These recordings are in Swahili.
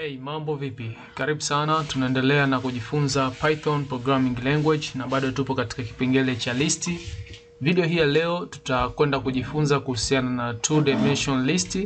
Hey, mambo vipi? Karibu sana, tunaendelea na kujifunza Python programming language na bado tupo katika kipengele cha listi. Video hii ya leo tutakwenda kujifunza kuhusiana na two dimension list.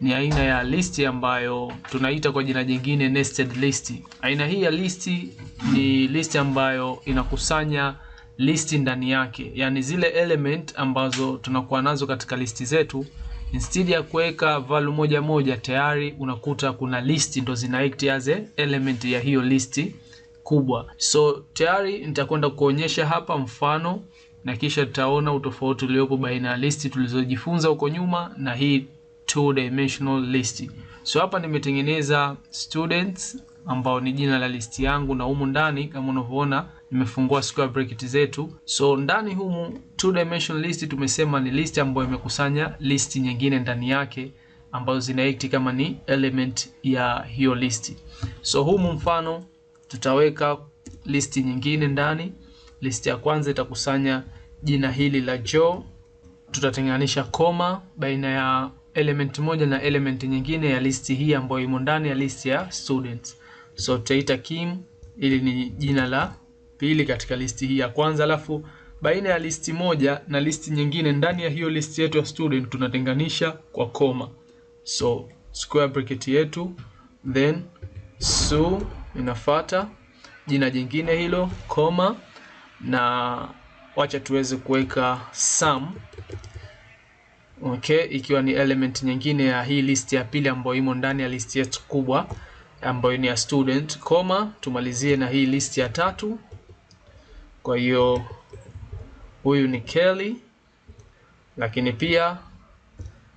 Ni aina ya listi ambayo tunaita kwa jina jingine nested list. Aina hii ya listi ni listi ambayo inakusanya listi ndani yake, yaani zile element ambazo tunakuwa nazo katika listi zetu instead ya kuweka value moja moja, tayari unakuta kuna listi ndo zina act as element ya hiyo listi kubwa. So tayari nitakwenda kuonyesha hapa mfano na kisha tutaona utofauti uliopo baina ya listi tulizojifunza huko nyuma na hii two dimensional list. So hapa nimetengeneza students ambao ni jina la listi yangu, na humu ndani kama unavyoona nimefungua square bracket zetu. So ndani humu two dimension list tumesema ni list ambayo imekusanya list nyingine ndani yake ambazo zina act kama ni element ya hiyo list. So humu mfano tutaweka list nyingine ndani. List ya kwanza itakusanya jina hili la Joe, tutatenganisha koma baina ya element moja na element nyingine ya list hii ambayo imo ndani ya list ya students. So tutaita Kim, ili ni jina la pili katika listi hii ya kwanza, alafu baina ya listi moja na listi nyingine ndani ya hiyo listi yetu ya student tunatenganisha kwa koma. So square bracket yetu then su inafata jina jingine hilo koma, na wacha tuweze kuweka sum okay, ikiwa ni element nyingine ya hii listi ya pili ambayo imo ndani ya listi yetu kubwa ambayo ni ya student, koma tumalizie na hii listi ya tatu kwa hiyo huyu ni Kelly, lakini pia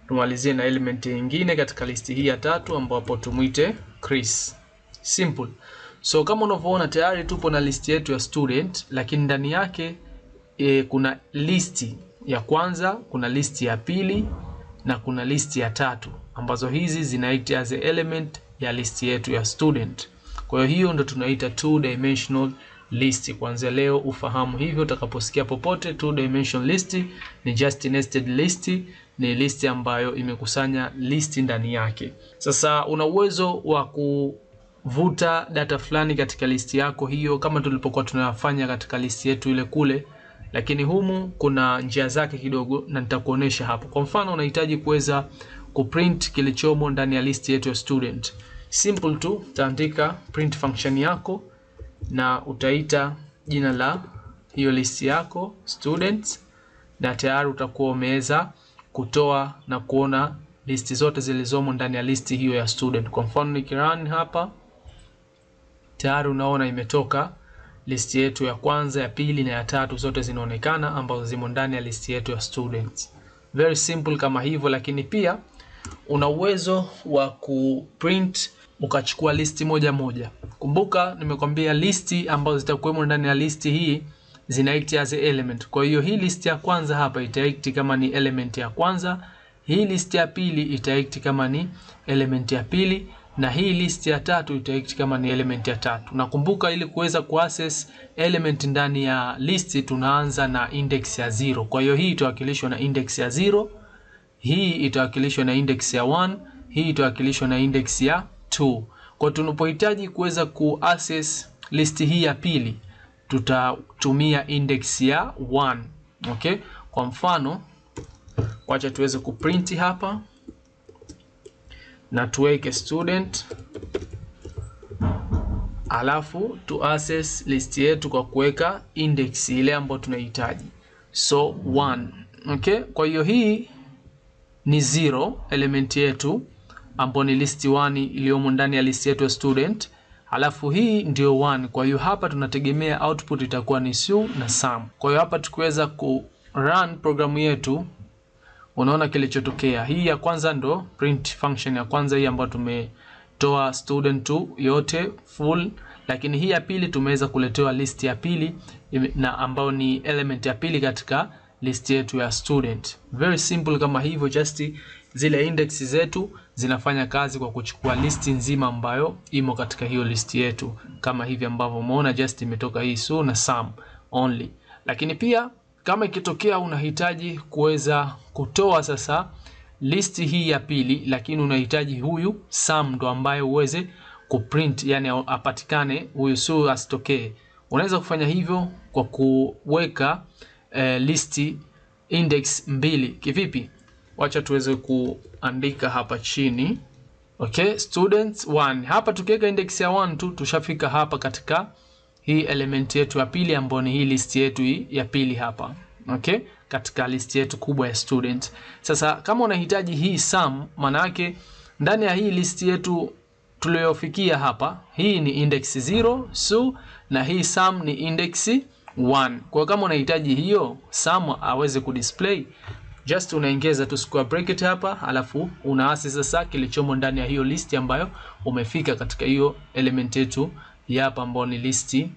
tumalizie na element nyingine katika listi hii ya tatu, ambapo tumwite Chris. Simple. So kama unavyoona tayari tupo na listi yetu ya student, lakini ndani yake e, kuna listi ya kwanza, kuna listi ya pili na kuna listi ya tatu ambazo hizi zinaita as element ya listi yetu ya student. Kwa hiyo hiyo ndo tunaita two dimensional list. Kuanzia leo ufahamu hivyo, utakaposikia popote two dimension list ni just nested list, ni list ambayo imekusanya list ndani yake. Sasa una uwezo wa ku vuta data fulani katika listi yako hiyo, kama tulipokuwa tunafanya katika listi yetu ile kule lakini humu kuna njia zake kidogo na nitakuonesha hapo. Kwa mfano, unahitaji kuweza kuprint kilichomo ndani ya listi yetu ya student. Simple tu, utaandika print function yako na utaita jina la hiyo listi yako students, na tayari utakuwa umeweza kutoa na kuona listi zote zilizomo ndani ya listi hiyo ya student. Kwa mfano nikirun hapa, tayari unaona imetoka listi yetu ya kwanza, ya pili na ya tatu, zote zinaonekana ambazo zimo ndani ya listi yetu ya students. Very simple kama hivyo, lakini pia una uwezo wa kuprint ukachukua listi moja moja. Kumbuka nimekwambia listi ambazo zitakuwemo ndani ya listi hii zina act as element. Kwa hiyo hii listi ya kwanza hapa ita act kama ni element ya kwanza, hii listi ya pili ita act kama ni element ya pili na hii listi ya tatu ita act kama ni element ya tatu. Nakumbuka ili kuweza kuaccess element ndani ya listi tunaanza na index ya zero. Kwa hiyo hii itawakilishwa na index ya zero, hii itawakilishwa na index ya 1, hii itawakilishwa na index ya 2. Kwa tunapohitaji kuweza ku access list hii ya pili tutatumia index ya 1. Okay? Kwa mfano wacha tuweze kuprint hapa na tuweke student alafu tu access list yetu kwa kuweka index ile ambayo tunahitaji, so 1. Okay? Kwa hiyo hii ni zero element yetu ambayo ni list 1 iliyomo ndani ya list yetu ya student, alafu hii ndio 1. Kwa hiyo hapa tunategemea output itakuwa ni su na sum. Kwa hiyo hapa tukiweza ku run programu yetu, unaona kilichotokea. Hii ya kwanza ndo print function ya kwanza hii ambayo tumetoa student 2 yote full, lakini hii ya pili tumeweza kuletewa list ya pili na ambayo ni element ya pili katika list yetu ya student. Very simple kama hivyo just zile index zetu zinafanya kazi kwa kuchukua listi nzima ambayo imo katika hiyo listi yetu, kama hivi ambavyo umeona just imetoka hii su na sum only. Lakini pia kama ikitokea unahitaji kuweza kutoa sasa listi hii ya pili, lakini unahitaji huyu sum ndo ambaye uweze kuprint, yani apatikane huyu su asitokee, unaweza kufanya hivyo kwa kuweka eh, listi index mbili. Kivipi? wacha tuweze kuandika hapa chini okay, students 1. Hapa tukiweka index ya 1 tu tushafika hapa katika hii element yetu ya pili ambayo ni hii list yetu hii ya pili hapa okay, katika list yetu kubwa ya student. Sasa kama unahitaji hii sum, maana yake ndani ya hii list yetu tuliyofikia hapa, hii ni index 0 so, na hii sum ni index 1. Kwa kama unahitaji hiyo sum aweze kudisplay, just unaingiza tu square bracket hapa, alafu unaasi sasa kilichomo ndani ya hiyo listi ambayo umefika katika hiyo element yetu ya hapa, ambayo ni listi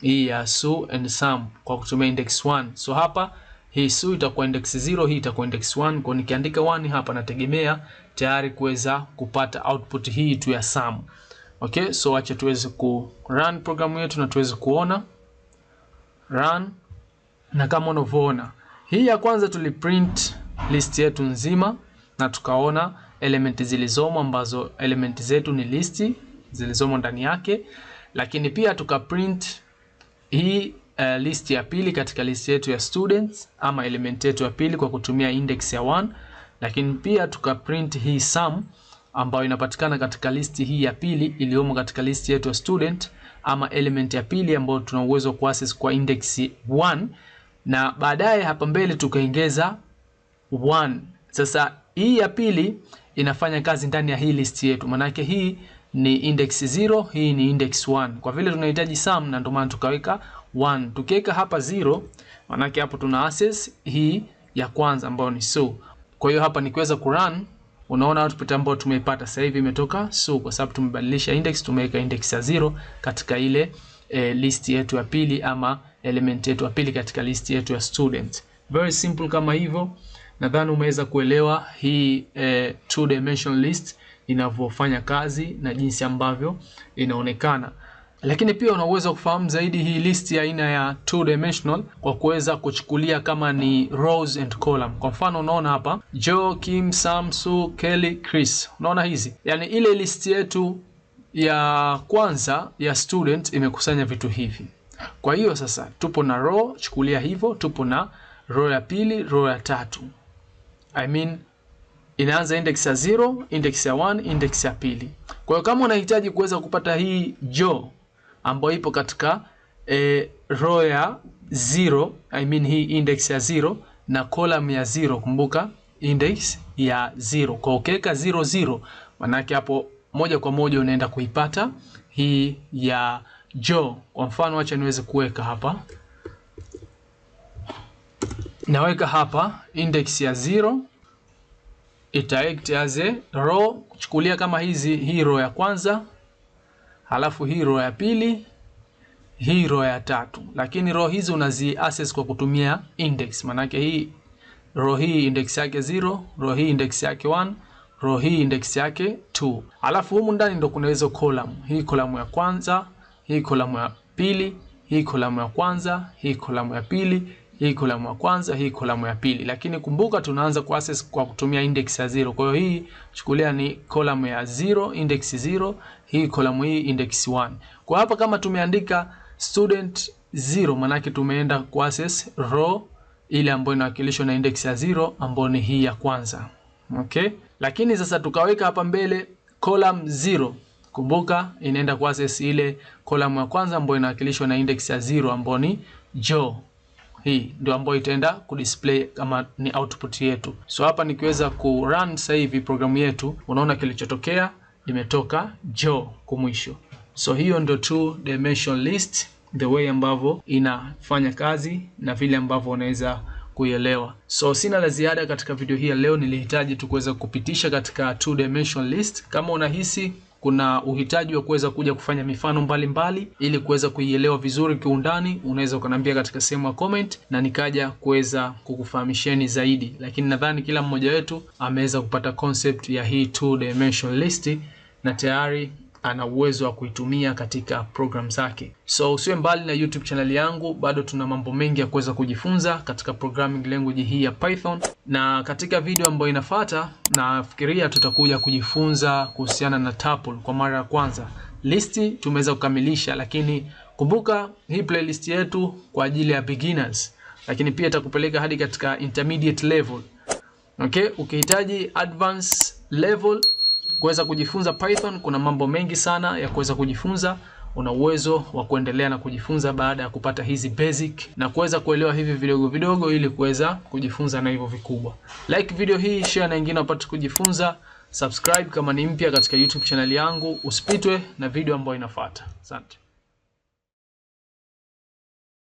hii ya su and sum kwa kutumia index 1. So hapa hii su itakuwa index 0, hii itakuwa index 1. Kwa nikiandika 1 hapa nategemea tayari kuweza kupata output hii tu ya sum. Okay, so acha tuweze ku run programu yetu na tuweze kuona run, na kama unavyoona hii ya kwanza tuliprint list yetu nzima na tukaona elementi zilizomo ambazo elementi zetu ni listi zilizomo ndani yake, lakini pia tukaprint hii uh, list ya pili katika list yetu ya students ama element yetu ya pili kwa kutumia index ya 1, lakini pia tukaprint hii sum ambayo inapatikana katika listi hii ya pili iliyomo katika list yetu ya student ama element ya pili ambayo tuna uwezo wa kuaccess kwa index 1 na baadaye hapa mbele tukaongeza 1. Sasa hii ya pili inafanya kazi ndani ya hii list yetu, maanake hii ni index 0, hii ni index 1. Kwa vile tunahitaji sum na ndio maana tukaweka 1. Tukiweka hapa 0, maanake hapo tuna access hii ya kwanza ambayo ni so. Kwa hiyo hapa nikiweza ku run, unaona output ambayo tumeipata sasa hivi imetoka so, kwa sababu tumebadilisha index, tumeweka index ya 0 katika ile e, list yetu ya pili ama element yetu ya pili katika list yetu ya student. Very simple kama hivyo. Nadhani umeweza kuelewa hii eh, two dimension list inavyofanya kazi na jinsi ambavyo inaonekana. Lakini pia una uwezo kufahamu zaidi hii list ya aina ya two dimensional kwa kuweza kuchukulia kama ni rows and column. Kwa mfano unaona hapa Joe, Kim, Sam, Sue, Kelly, Chris. Unaona hizi? Yaani ile list yetu ya kwanza ya student imekusanya vitu hivi. Kwa hiyo sasa tupo na row, chukulia hivyo, tupo na row ya pili, row ya tatu. I mean inaanza index ya 0, index ya 1, index ya pili. Kwa hiyo kama unahitaji kuweza kupata hii jo ambayo ipo katika e, row ya 0, I mean hii index ya 0 na column ya 0, kumbuka index ya 0. Kwa hiyo ukiweka 0 0, manake hapo moja kwa moja unaenda kuipata hii ya jo. Kwa mfano, acha niweze kuweka hapa, naweka hapa index ya 0 ita act as a row, kuchukulia kama hizi, hii row ya kwanza, halafu hii row ya pili, hii row ya tatu. Lakini row hizi unazi access kwa kutumia index, manake hii row hii index yake 0, row hii index yake 1 row hii index yake 2. Alafu humu ndani ndo kuna hizo column. Hii column ya kwanza, hii kolamu ya pili, hii kolamu ya kwanza, hii kolamu ya pili, hii kolamu ya kwanza, hii kolamu ya pili. Lakini kumbuka tunaanza ku access kwa kutumia index ya zero. Kwa hiyo hii chukulia ni kolamu ya zero, index zero, hii kolamu hii index 1. Kwa hapa kama tumeandika student zero, manake tumeenda ku access row ile ambayo inawakilishwa na index ya zero ambayo ni hii ya kwanza. Okay? Lakini sasa tukaweka hapa mbele column zero Kumbuka inaenda kuaccess ile column ya kwanza ambayo inawakilishwa na index ya 0 ambayo ni jaw. Hii ndio ambayo itaenda ku display kama ni output yetu. So hapa nikiweza ku run sasa hivi programu yetu, unaona kilichotokea imetoka jaw kumwisho. So hiyo ndio two dimension list the way ambavyo inafanya kazi na vile ambavyo unaweza kuielewa. So sina la ziada katika video hii ya leo, nilihitaji tu kuweza kupitisha katika two dimension list. Kama unahisi kuna uhitaji wa kuweza kuja kufanya mifano mbalimbali mbali, ili kuweza kuielewa vizuri kiundani, unaweza ukaniambia katika sehemu ya comment na nikaja kuweza kukufahamisheni zaidi, lakini nadhani kila mmoja wetu ameweza kupata concept ya hii two dimension list na tayari ana uwezo wa kuitumia katika program zake. So usiwe mbali na YouTube channel yangu, bado tuna mambo mengi ya kuweza kujifunza katika programming language hii ya Python, na katika video ambayo inafuata nafikiria tutakuja kujifunza kuhusiana na tuple kwa mara ya kwanza. Listi tumeweza kukamilisha, lakini kumbuka hii playlist yetu kwa ajili ya beginners, lakini pia itakupeleka hadi katika intermediate level. Okay, ukihitaji advanced level kuweza kujifunza Python kuna mambo mengi sana ya kuweza kujifunza. Una uwezo wa kuendelea na kujifunza baada ya kupata hizi basic na kuweza kuelewa hivi vidogo vidogo, ili kuweza kujifunza na hivyo vikubwa. Like video hii, share na wengine wapate kujifunza. Subscribe kama ni mpya katika YouTube channel yangu, usipitwe na video ambayo inafuata. Asante.